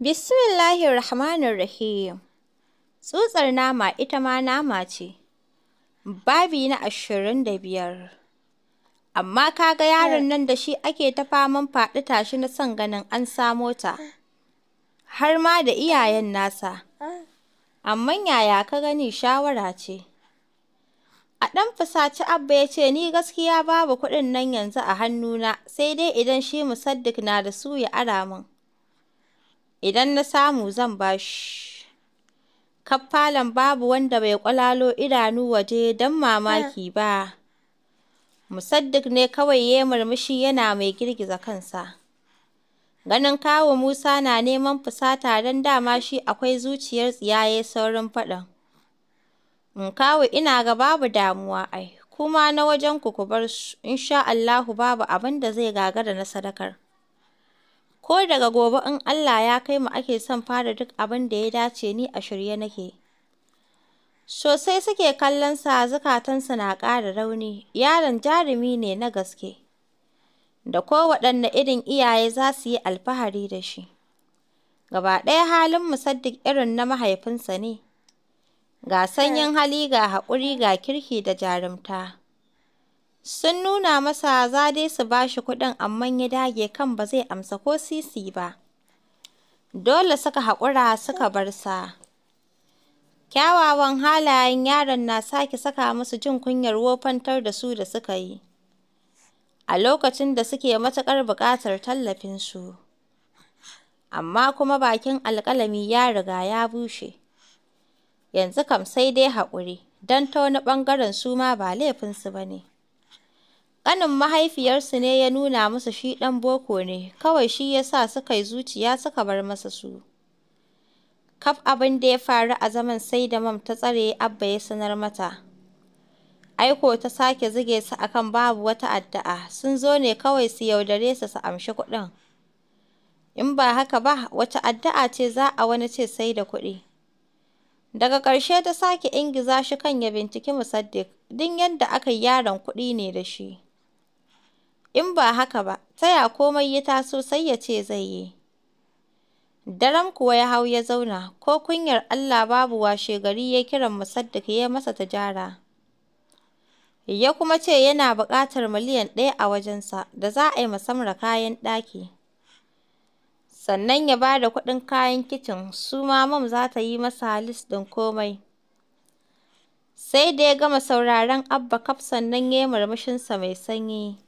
Bismillahirrahmanirrahim. Tsutsar nama ita ma nama ce. Babi na ashirin da biyar. Amma ka ga yaron nan da shi ake ta faman faɗi tashi na son ganin an samo ta. Har ma da iyayen nasa. Amma yaya ka gani shawara ce. A ɗan fusaci Abba ya ce ni gaskiya babu kuɗin nan yanzu a hannuna sai dai idan shi Musaddik na da su ya ara min. Idan na samu zan ba shi. Kaffalan babu wanda bai ƙwalalo idanu waje don mamaki ba. musaddik ne kawai ya murmushi yana mai girgiza kansa. Ganin kawu Musa na neman fusata don dama shi akwai zuciyar tsiyaye saurin faɗan. In mm, kawu ina ga babu damuwa ai, kuma na wajenku ku bar su, in sha Allahu babu abin da zai gagara na sadakar. Ko daga gobe in Allah ya kai mu ake son fara duk abin da ya dace ni a shirye nake. Sosai suke kallon sa zukatansa na ƙara rauni, yaron jarumi ne na gaske. Da kowaɗanne irin iyaye za su yi alfahari da shi. Gaba ɗaya halin Musaddik irin na mahaifinsa ne. Ga sanyin hali ga haƙuri ga kirki da jarumta. Sun nuna masa za dai su ba shi kuɗin amma ya dage kan ba zai amsa ko sisi ba. Dole suka haƙura suka bar sa. Kyawawan halayen yaron na sake saka musu jin kunyar wofantar da su da suka yi. A lokacin da suke matuƙar buƙatar tallafinsu. Amma kuma bakin alƙalami ya riga ya bushe. Yanzu kam sai dai haƙuri, don ta wani ɓangaren su ma ba laifinsu ba ne. ƙanin mahaifiyarsu ne ya nuna musu shi ɗan boko ne, kawai shi ya sa suka yi zuciya suka bar masa su. Kaf abin da ya faru a zaman sai da Mam ta tsare Abba ya sanar mata. Aiko ta sake zige su akan babu wata addu'a, sun zo ne kawai su yaudare su su amshi kuɗin. In ba haka ba, wata addu'a ce za a wani ce sai da kuɗi. Daga ƙarshe ta sake ingiza shi kan ya binciki Musaddiq, din yadda aka yi yaron kuɗi ne da shi. In ba haka ba, ta ya komai ya taso sai ya ce zai yi. Daren kuwa ya hau ya zauna, ko kunyar Allah babu washegari ya kiran Musaddik ya masa tajara Ya kuma ce yana buƙatar miliyan ɗaya a wajensa da za a yi masamra kayan ɗaki. Sannan ya ba da kuɗin kayan kicin, su ma mam za ta yi masa halis ɗin komai. Sai da ya gama sauraren Abba kaf sannan ya yi murmushinsa mai sanyi.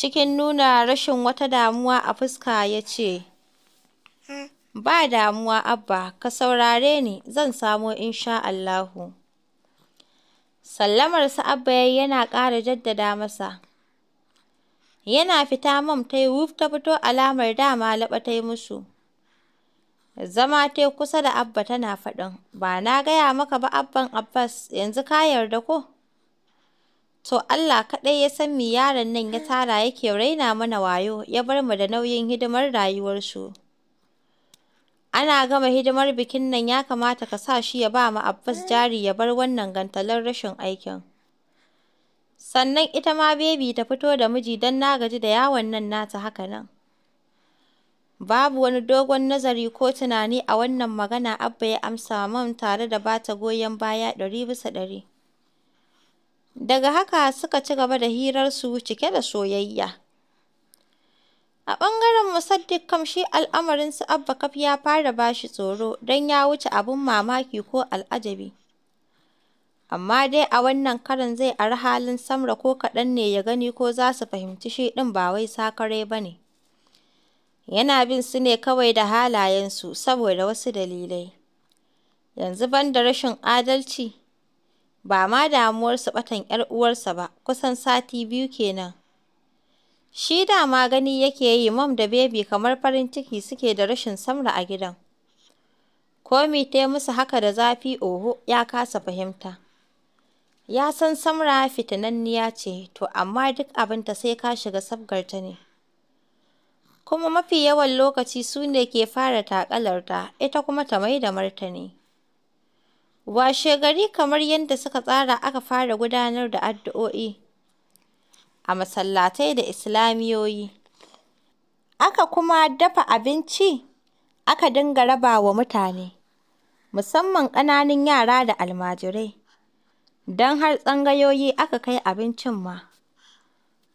cikin nuna rashin wata damuwa a fuska ya ce, Ba damuwa Abba, ka saurare ni, zan samo insha Allahu. Sallamarsa Abba ya yana ƙara jaddada masa. Yana fita mam ta yi wuf ta fito alamar dama laɓa ta yi musu. Zama ta kusa da Abba tana faɗin, ba na gaya maka ba Abban Abbas, yanzu ka yarda ko? To Allah kaɗai ya san mi yaron nan ya tara yake raina mana wayo ya bar mu da nauyin hidimar rayuwarsu. Ana gama hidimar bikin nan ya kamata ka sa shi ya ba mu Abbas jari ya bar wannan gantalar rashin aikin. Sannan ita ma bebi ta fito da miji don na gaji da yawon nan nata haka nan. Babu wani dogon nazari ko tunani a wannan magana Abba ya amsa man tare da bata goyon baya ɗari bisa ɗari. Daga haka suka ci gaba da hirarsu cike da soyayya. A ɓangaren Musaddik kamshi, al'amarin su Abba Kaf ya fara ba shi tsoro don ya wuce abin mamaki ko al'ajabi. Amma dai a wannan karin zai ari halin Samra ko kaɗan ne ya gani ko za su fahimci shi ɗin ba wai sakare ba ne. Yana bin su ne kawai da halayensu saboda wasu dalilai. Yanzu ban da rashin adalci, Ba ma damuwarsu ɓatan 'yar uwarsa ba, kusan sati biyu kenan. Shi da ma gani yake yi mam da Baby kamar farin ciki suke da rashin Samra a gidan. Komi ta musu haka da zafi oho ya kasa fahimta. Ya san Samra fitinanniya ce, to amma duk abinta sai ka shiga ta ne. Kuma mafi yawan lokaci su ne ke fara takalarta, ita kuma ta mai da martani. Washe gari kamar yadda suka tsara aka fara gudanar da addu'o'i a masallatai da islamiyoyi, aka kuma dafa abinci aka dinga raba wa mutane, musamman ƙananun yara da almajirai, don har tsangayoyi aka kai abincin ma.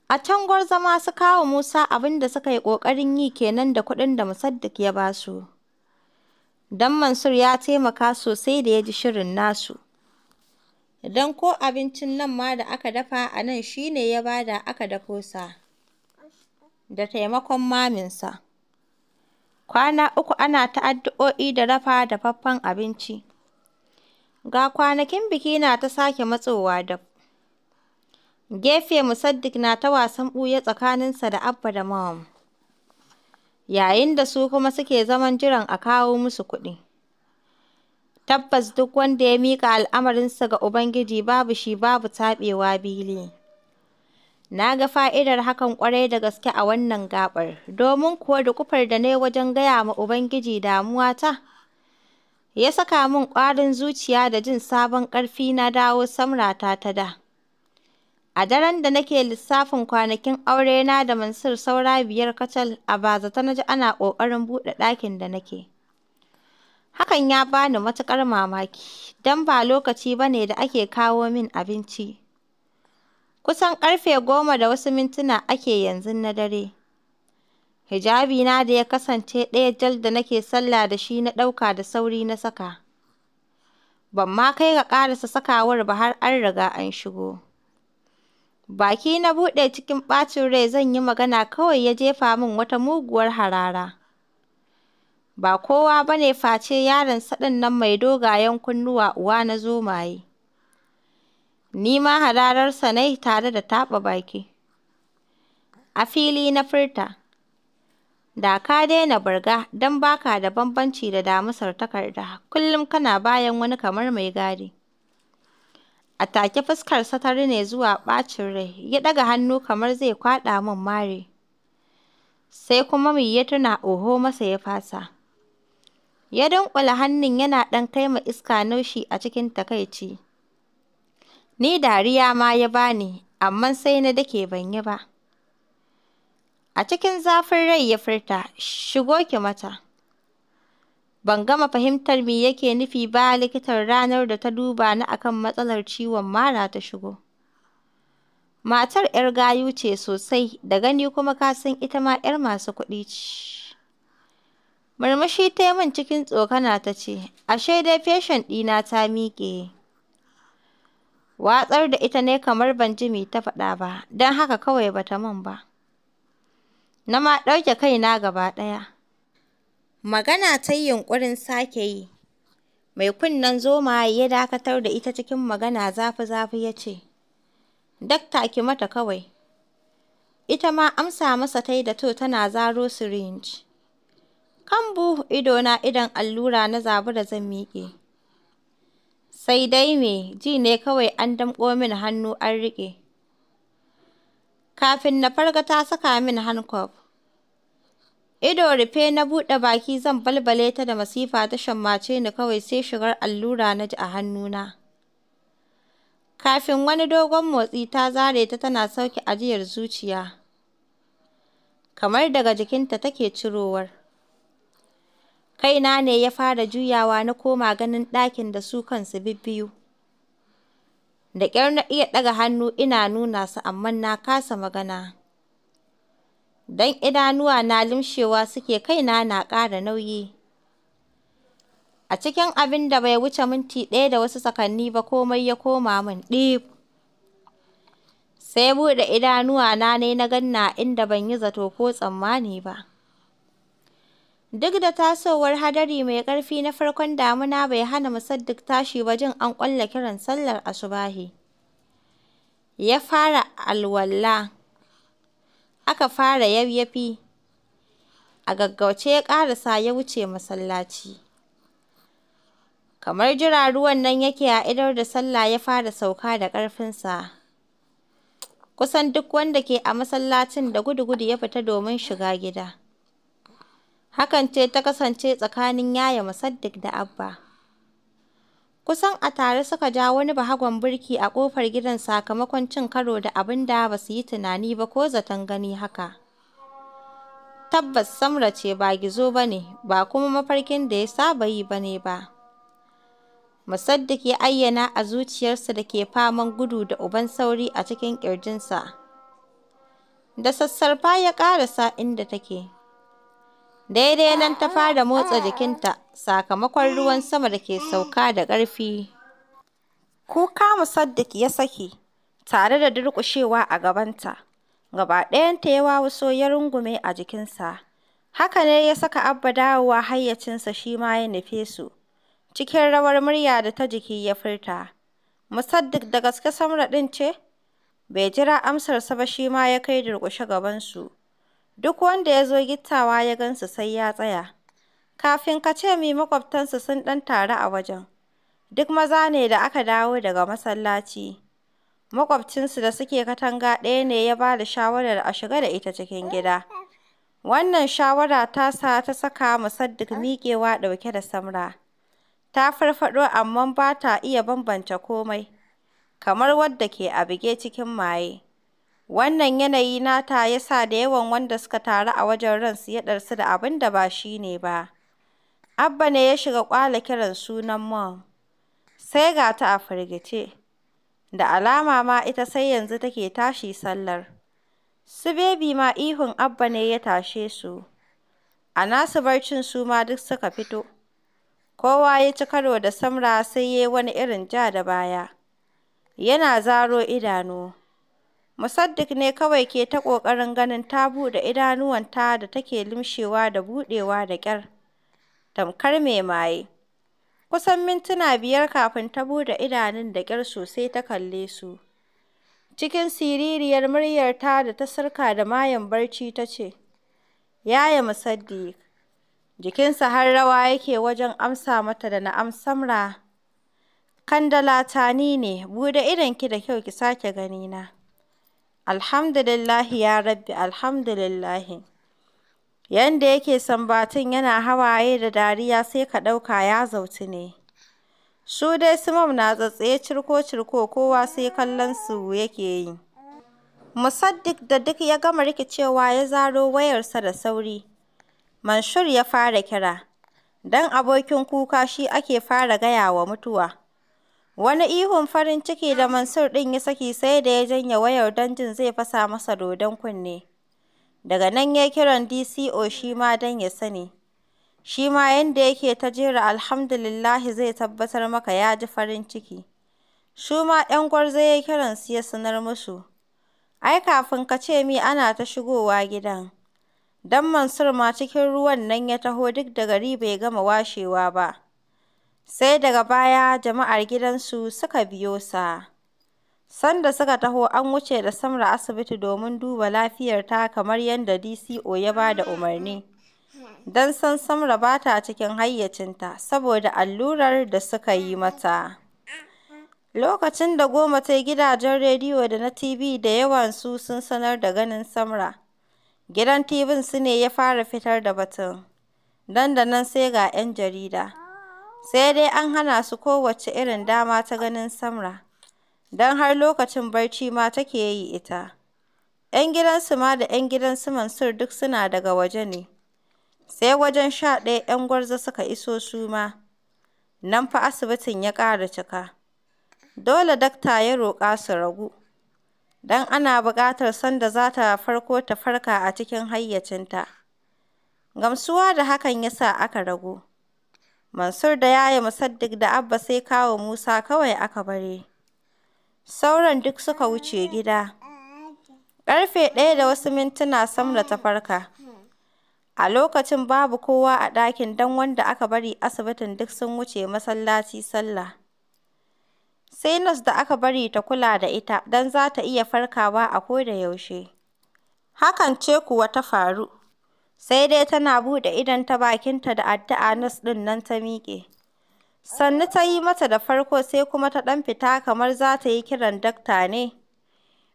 A can Gwarzama su kawo Musa abinda suka yi ƙoƙarin yi kenan da kuɗin da Musaddik ya ba su. don Mansur ya taimaka sosai da ya ji shirin nasu, don ko abincin nan ma da aka dafa a nan shi ne ya ba da aka dafo sa da taimakon maminsa. Kwana uku ana ta addu'o'i da rafa dafaffen abinci. Ga kwanakin biki na ta sake matsowa daf. Gefe Musaddik na ta wasan ɓuya tsakaninsa da Abba da Mom. yayin da su kuma suke zaman jiran a kawo musu kuɗi. Tabbas duk wanda ya miƙa al'amarinsa ga Ubangiji babu shi babu taɓewa bili. Na ga fa'idar hakan ƙwarai da gaske a wannan gaɓar, domin kuwa da kufar da na yi wajen gaya ma Ubangiji damuwata, ya saka min ƙwarin zuciya da jin sabon ƙarfi na dawo samrata ta da. A daren da nake lissafin kwanakin aurena da Mansur saura biyar kacal, a bazata na ji ana ƙoƙarin buɗe ɗakin da nake. Hakan ya bani matukar matuƙar mamaki, don ba lokaci ba ne da ake kawo min abinci. Kusan ƙarfe goma da wasu mintuna ake yanzu na dare. na da ya kasance ɗaya jal da nake sallah da shi na ɗauka da sauri na saka. Ban ma kai ga ƙarasa sakawar ba har an riga an shigo. Baki na buɗe cikin ɓacin rai zan yi magana kawai ya jefa min wata muguwar harara. Ba kowa ba ne face yaron saɗin nan mai dogayen kunnuwa uwa na zomaye. Ni ma hararsa na tare da taɓa baki. A fili na furta, da ka daina burga don baka da bambanci da damisar takarda, kullum kana bayan wani kamar mai gadi. A take fuskarsa ta rine zuwa ɓacin rai, ya ɗaga hannu kamar zai kwaɗa min mari. Sai kuma mu ya tuna oho masa ya fasa. Ya dunƙule hannun yana ɗan kai ma iska naushi a cikin takaici. Ni dariya ma ya bani, amma sai na dake ban yi ba. A cikin zafin rai ya furta, shigo ki mata. Ban gama fahimtar me yake nufi ba likitan ranar da ta duba ni akan matsalar ciwon mara ta shigo. Matar 'yar gayu ce sosai, da gani kuma ka san ita ma 'yar masu kuɗi ce. Murmushi ta yi min cikin tsokana ta ce, ashe dai feshin ɗina ta miƙe. Watsar da ita ne kamar ban ji me ta faɗa ba, don haka kawai bata ta min ba. Na ma ɗauke kaina gaba ɗaya. Magana ta yi yunƙurin sake yi. Mai kunnen zomaye ya dakatar da ita cikin magana zafi-zafi ya ce, Dakta ki mata kawai. Ita ma amsa masa ta yi da to tana zaro sirinji. ido idona idan allura na zaɓi da zan miƙe. Sai dai me ji ne kawai an damƙo min hannu an riƙe. Kafin na farga ta saka min handcuff. Ido rufe na buɗe baki zan balbale ta da masifa ta shammace ni kawai sai shigar allura na ji a hannuna. Kafin wani dogon motsi ta zare ta tana sauke ajiyar zuciya. Kamar daga jikinta take cirowar. Kaina ne ya fara juyawa na koma ganin ɗakin da su kansu bibbiyu. Da ƙyar na iya ɗaga hannu ina nuna su amma na kasa magana. don idanuwa na limshewa suke kaina na ƙara nauyi. A cikin abin da bai wuce minti ɗaya da wasu sakanni ba komai ya koma min ɗib. Sai buɗe na ne na ganna inda ban yi zato ko tsammani ba. Duk da tasowar hadari mai ƙarfi na farkon damuna bai hana Musaddik tashi ba jin an ƙwalla kiran sallar asubahi. Ya fara alwala. Aka fara yayyafi, a gaggauce ya ƙarasa ya wuce masallaci. Kamar jira ruwan nan yake a idar da sallah ya fara sauka da ƙarfinsa. Kusan duk wanda ke a masallacin da gudu-gudu ya fita domin shiga gida. Hakan ce ta kasance tsakanin Yaya Musaddik da Abba. Kusan a tare suka ja wani bahagon birki a ƙofar gidan sakamakon cin karo da abin da ba su yi tunani ba ko zaton gani haka. Tabbas Samra ce ba gizo ba ne, ba kuma mafarkin da ya saba yi ba ne ba. Musaddik ayyana a zuciyarsa da ke faman gudu da uban sauri a cikin ƙirjinsa. Da sassarfa ya ƙarasa inda take. Daidai nan ta fara motsa jikinta sakamakon ruwan sama da ke sauka da ƙarfi. Kuka musaddiq ya saki, tare da durƙushewa a gabanta. Gaba ɗayanta ya wawuso ya rungume a jikinsa. Haka ne ya saka Abba dawowa hayyacinsa shi ma ya nufe su. Cikin rawar murya da ta jiki ya furta. musaddiq da gaske Samra ɗin ce? Bai jira amsarsa ba shi ma ya kai durƙushe gabansu. Duk wanda ya zo gittawa ya gansu sai ya tsaya. Kafin ka ce mi makwabtansu sun ɗan taru a wajen. Duk maza ne da aka dawo daga masallaci. makwabcinsu da suke katanga ɗaya ne ya ba da shawarar a shiga da ita cikin gida. Wannan shawara ta sa ta saka Musaddik miƙewa ɗauke da samra. Ta farfaɗo amma ba ta iya bambanta komai, kamar wadda ke a bige cikin maye. Wannan yanayi nata ya sa da yawan wanda suka taru a wajen ransu ya ɗarsu da abin da ba shi ne ba. Abba ne ya shiga ƙwale kiran sunan Mom, sai ga ta a firgice, da alama ma ita sai yanzu take tashi sallar, su bebi ma ihun Abba ne ya tashe su, a nasu barcin su ma duk suka fito, kowa ya ci karo da Samra sai ya wani irin ja da baya, yana zaro idanu. Musaddik ne kawai ke ta ƙoƙarin ganin ta buɗe idanuwanta da take limshewa da buɗewa da ƙyar. tamkar mai maye. Kusan mintuna biyar kafin ta buɗe idanun da ƙyar sosai ta kalle su. Cikin siririyar muryarta da ta sarka da mayan barci ta ce, Yaya Musaddiq, jikinsa har rawa yake wajen amsa mata da na'am samra. Kandala tani ne, buɗe idonki da kyau ki sake ganina. Alhamdulillahi ya rabbi, alhamdulillahi. Yanda yake sambatun yana hawaye da dariya sai ka ɗauka ya zautu ne. Su dai simam na tsatsaye cirko-cirko kowa sai kallon su yake yi. Musaddik da duk ya gama rikicewa ya zaro wayarsa da sauri. Mansur ya fara kira. Don abokin kuka shi ake fara gaya wa mutuwa. Wani ihun farin ciki da Mansur ɗin ya saki sai da ya janye wayar don jin zai fasa masa dodon kunne. Daga nan ya kiran DCO shi ma dan ya sani. Shi ma yanda yake ta jera alhamdulillahi zai tabbatar maka ya ji farin ciki. Su ma 'yan gwarzo ya kiran su ya sanar musu. Ai kafin ka ce mi ana ta shigowa gidan. Don Mansur ma cikin ruwan nan ya taho duk da gari bai gama washewa ba. Sai daga baya jama'ar gidansu suka biyo sa. Sanda suka taho, an wuce da Samra asibiti domin duba lafiyarta kamar yadda DCO ya ba da umarni, don san Samra ba ta cikin hayyacinta saboda allurar da suka yi mata. Lokacin da Goma ta gidajen rediyo da na TV da yawan su sun sanar da ganin Samra. Gidan tv su ne ya fara fitar da batun. Dan da nan sai ga 'yan jarida. Sai dai an hana su kowace irin dama ta ganin Samra. don har lokacin barci ma take yi ita. ‘Yan gidansu ma da ‘yan gidan su Mansur duk suna daga waje ne. Sai wajen sha ɗaya ‘yan gwarza suka iso su ma. Nan fa asibitin ya ƙara cika. Dole dakta ya roƙa su ragu. Don ana buƙatar sanda za ta farko ta farka a cikin hayyacinta. Gamsuwa da hakan ya sa aka ragu. Mansur da Yaya Musaddik da Abba sai kawo Musa kawai aka bare. Sauran duk suka wuce gida. Ƙarfe ɗaya da wasu mintuna Samra ta farka. A lokacin babu kowa a ɗakin don wanda aka bari asibitin duk sun wuce masallaci sallah. Sai nas da aka bari ta kula da ita don za ta iya farkawa a ko da yaushe. Hakan ce kuwa ta faru. Sai dai tana buɗe idan ta bakinta da addu'a nas ɗin nan ta miƙe. Sannu ta yi mata da farko sai kuma ta ɗan fita kamar za ta yi kiran dakta ne.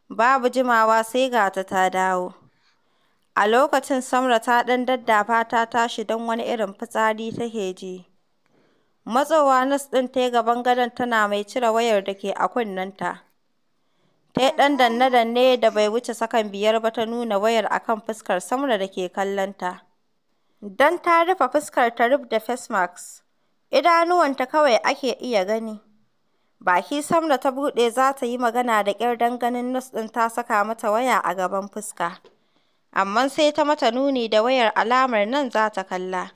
Babu jimawa sai ga ta ta dawo. A lokacin Samra ta ɗan daddafa ta tashi don wani irin fitsari take ji. Matsowa nas ɗin ta gaban gadon tana mai cire wayar da ke a kunnenta. Ta yi ɗan danne-danne da bai wuce sakan biyar ba ta nuna wayar a kan fuskar Samra da ke kallonta. Don ta rufe fuskar ta rub da face mask. Idanuwanta kawai ake iya gani. Baki sam da ta bude za ta yi magana da ƙyar don ganin nas din ta saka mata waya a gaban fuska. Amma sai ta mata nuni da wayar alamar nan za ta kalla.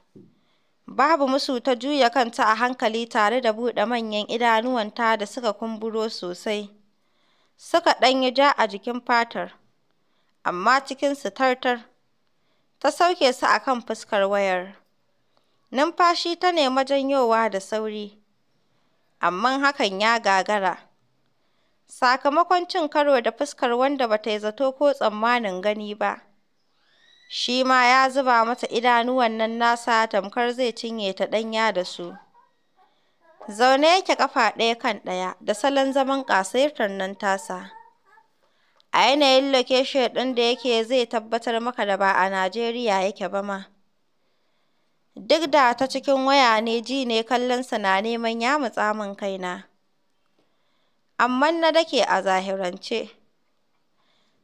Babu musu ta juya kanta a hankali tare da buɗe manyan idanuwanta da suka kumburo sosai. Suka ɗan yi ja a jikin fatar, amma cikin su tartar. Ta sauke su a kan fuskar wayar. Numfashi ta nema janyowa da sauri, amma hakan ya gagara, sakamakon cin karo da fuskar wanda ba ta yi zato ko tsammanin gani ba, shi ma ya zuba mata idanuwan nan nasa tamkar zai cinye ta ɗanya da su. Zaune yake ƙafa ɗaya kan ɗaya da salon zaman ƙasirtar nan tasa. A yanayin location ɗin da yake zai tabbatar maka da ba a Najeriya yake ba ma. Duk da ta cikin waya ne ji ne kallonsa na neman ya mutsa min kaina, amma na dake a zahirance,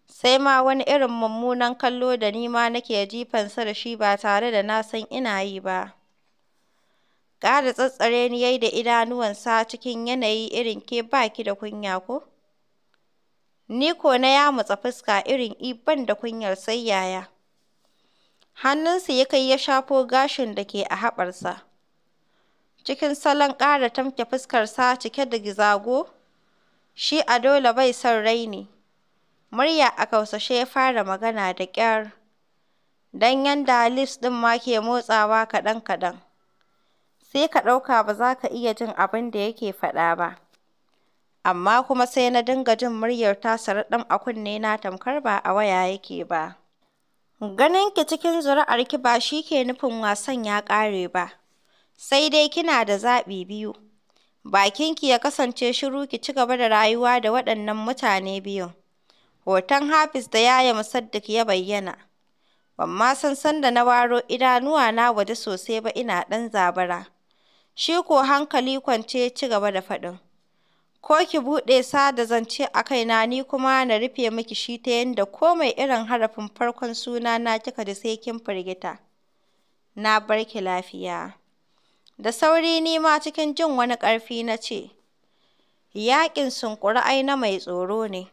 sai ma wani irin mummunan kallo da ni ma nake jifansa da shi ba tare da na san ina yi ba. Ƙara tsattsare ni yayi da da idanuwansa cikin yanayi irin ke ba da kunya ko? Ni ko na ya mutsa fuska irin iban da kunyar sai yaya. Hannunsa ya kai ya shafo gashin da ke a haɓarsa, cikin salon ƙara tamke fuskarsa cike da gizago, shi a dole bai son raini, murya a kausashe ya fara magana da ƙyar, don yanda lips ɗin ma ke motsawa kaɗan-kaɗan, sai ka ɗauka ba za ka iya jin abin da yake faɗa ba, amma kuma sai na dinga jin muryar tasar ɗin a kunne na tamkar ba a waya yake ba. Ganin ki cikin zuri'arki ba shi ke nufin wasan ya ƙare ba, sai dai kina da zaɓi biyu. Bakinki ya kasance shiru ki ci gaba da rayuwa da waɗannan mutane biyun. Hoton Hafiz da Yaya Musaddik ya bayyana. Ban ma san sanda na waro idanuwa na waje sosai ba ina ɗan zabara. Shi ko hankali kwance ci gaba da faɗin. ko ki buɗe sa da zance a kaina ni kuma na rufe miki shi ta yadda ko mai irin harafin farkon suna na kika da sai kin firgita. Na bar ki lafiya. Da sauri ni ma cikin jin wani ƙarfi na ce, yaƙin sunƙuri ai na mai tsoro ne.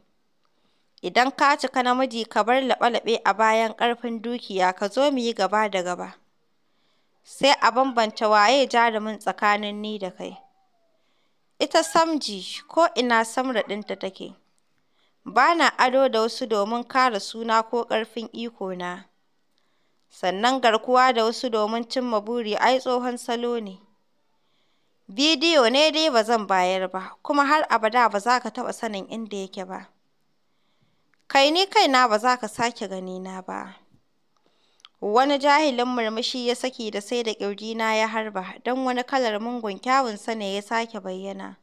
Idan ka cika namiji ka bar laɓe a bayan ƙarfin dukiya ka zo mu yi gaba da gaba. Sai a bambanta waye jarumin tsakanin ni da kai. Ita Samji ko ina Samra ɗinta take, ba na ado da wasu domin kare suna ko ƙarfin ikona, sannan garkuwa da wasu domin cimma buri ai tsohon salo ne. Bidiyo ne dai ba zan bayar ba, kuma har abada ba za ka taɓa sanin inda yake ba, kai ni kaina ba za ka sake ganina ba. Wani jahilin murmushi ya saki da sai da ƙirjina ya harba, don wani kalar mugun kyawunsa ne ya sake bayyana.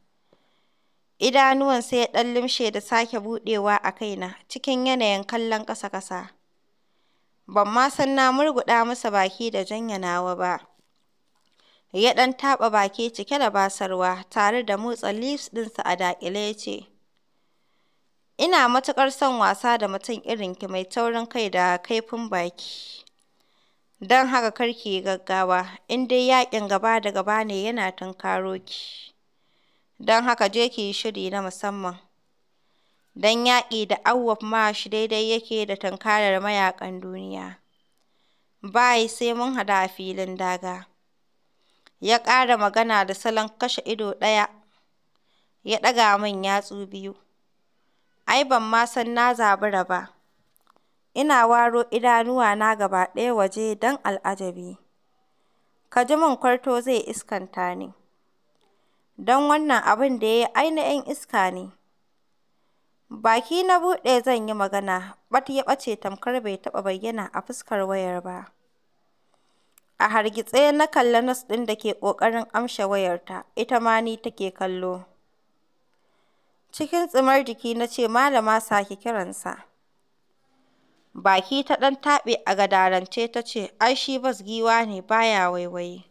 Idanuwansa ya ɗan lumshe da sake buɗewa a kaina, cikin yanayin kallon ƙasa-ƙasa. Ban ma san na murguɗa masa baki da jan yanawa ba. Ya ɗan taɓa baki cike da basarwa, tare da motsa lips ɗinsa a daƙile ya ce, Ina matuƙar son wasa da mutum irinki mai taurin kai da kaifin baki. Don haka kar ki yi gaggawa, in dai yaƙin gaba da gaba ne yana tunkaro ki, don haka je ki yi shiri na musamman, don yaƙi da ma shi daidai yake da tunkarar mayaƙan duniya. bai sai mun hada a filin daga. Ya ƙara magana da salon kashe ido ɗaya, ya ɗaga min yatsu biyu. Ai ban ma san na zabura ba. Ina waro idanuwana gaba ɗaya waje don al'ajabi, ka ji min kwarto zai iskanta ni, don wannan abin da ya yi ainihin iska ne, baki na buɗe zan yi magana ɓat ya ɓace tamkar bai taɓa bayyana a fuskar wayar ba, a hargitse na kalla nas ɗin da ke ƙoƙarin amshe wayarta, ita ma ni take kallo, cikin tsimar jiki na ce Malama sake kiransa. Baki ta ɗan taɓe a gadarance ta ce, ai shi bas giwa ne baya ya waiwaye.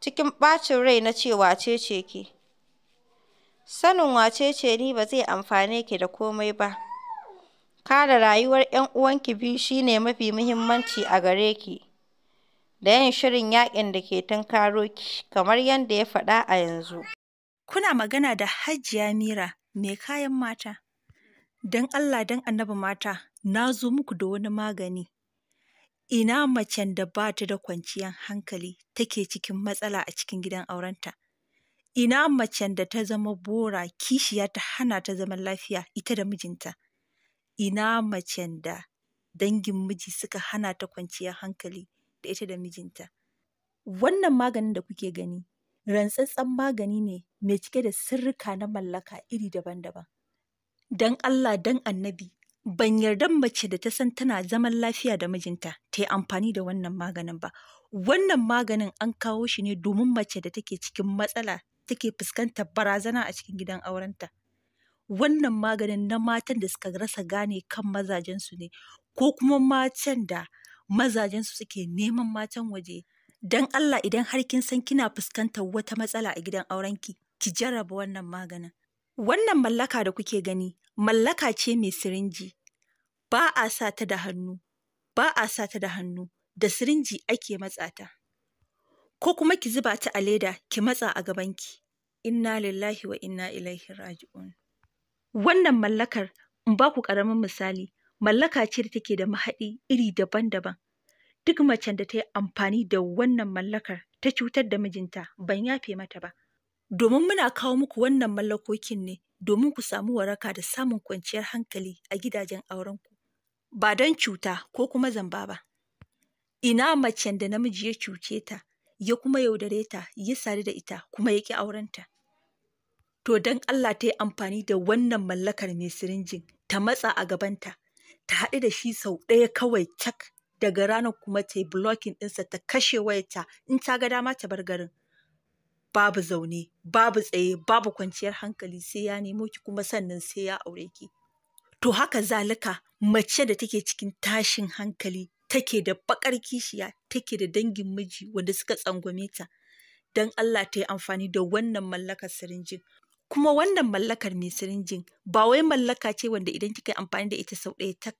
Cikin ɓacin rai na ce wace ce ke? Sanin wace ce ni ba zai amfane ki da komai ba. Kare rayuwar 'yan uwanki biyu shine mafi muhimmanci a gare ki. da yin shirin yaƙin da ke tunkaro ki kamar yadda ya faɗa a yanzu. Kuna magana da Hajiya Mira mai kayan mata. Don Allah don annabi mata, na zo muku da wani magani. Ina macen da ba ta da kwanciyar hankali take cikin matsala a cikin gidan aurenta? Ina macen da ta zama bora kishiya ta hana ta zaman lafiya ita da mijinta? Ina macen da dangin miji suka hana ta kwanciyar hankali da ita da mijinta? Wannan maganin da kuke gani, rantsatsen magani ne mai cike da sirrika na mallaka iri daban-daban. Dan Allah, don annabi, ban yarda mace da ta san tana zaman lafiya da mijinta ta yi amfani da wannan maganin ba wannan maganin an kawo shi ne domin mace da take cikin matsala take fuskantar barazana a cikin gidan aurenta wannan maganin na matan da suka rasa gane kan mazajensu ne ko kuma matan da mazajensu suke neman matan waje don Allah idan har kin san kina fuskantar wata matsala a gidan aurenki ki jarraba wannan maganin wannan mallaka da kuke gani mallaka ce mai sirinji ba a sa ta da hannu ba a sa ta da hannu da sirinji ake matsa ta ko kuma ki zuba ta a leda ki matsa a gabanki inna lillahi wa inna ilaihi raji'un wannan mallakar in ba ku ƙaramin misali mallaka ce da take da mahaɗi iri daban-daban duk macen da ta yi amfani da wannan mallakar ta cutar da mijinta ban yafe mata ba domin muna kawo muku wannan mallakokin ne domin ku samu waraka da samun kwanciyar hankali a gidajen aurenku ba don cuta ko kuma zamba ba. Ina macen da namiji ya cuce ta, ya kuma yaudare ta, ya sadu da ita, kuma ya ƙi aurenta. To don Allah ta yi amfani da wannan mallakar mai sirinjin, ta matsa a gabanta, ta haɗu da shi sau ɗaya kawai cak daga ranar kuma ta yi blocking ɗinsa ta kashe wayata in ta ga dama ta bar garin. Babu zaune, babu tsaye, babu kwanciyar hankali sai ya nemo ki kuma sannan sai ya aure ki. to haka zalika mace da take cikin tashin hankali take da bakar kishiya take da dangin miji wanda suka tsangwame ta don Allah ta yi amfani da wannan mallakar sirinjin kuma wannan mallakar mai sirinjin ba wai mallaka ce wanda idan kika yi amfani da ita sau ɗaya tak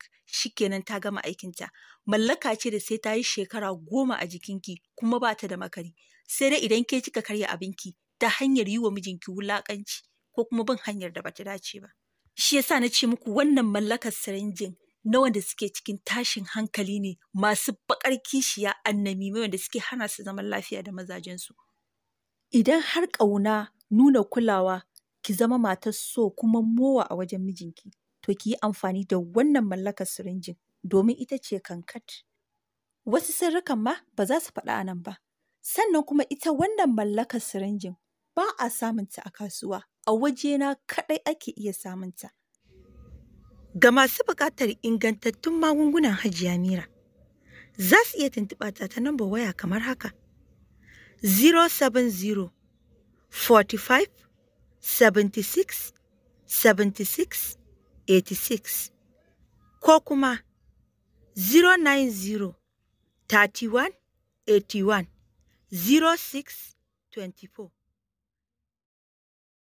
kenan ta gama aikinta mallaka ce da sai ta yi shekara goma a jikinki kuma ba ta da makari sai dai idan ke kika karya abinki ta hanyar yi wa mijinki wulaƙanci ko kuma bin hanyar da bata dace ba Shi yasa na ce muku wannan mallakar sirinjin na wanda suke cikin tashin hankali ne masu bakar kishiya annami mai wanda suke hana su zaman lafiya da mazajensu. Idan har ƙauna nuna kulawa ki zama matar so kuma mowa a wajen mijinki, to ki yi amfani da wannan mallakar sirinjin domin ita ce kankat. Wasu sirrikan ma ba za su faɗa a nan ba. Sannan kuma ita wannan mallakar sirinjin ba a samunta a kasuwa. a wajena kaɗai ake iya samunta. Ga masu buƙatar ingantattun magungunan hajiya Mira, za su iya tuntuɓa ta ta namba waya kamar haka. 070 45 76 76 86 ko kuma 090 31 81 06 24.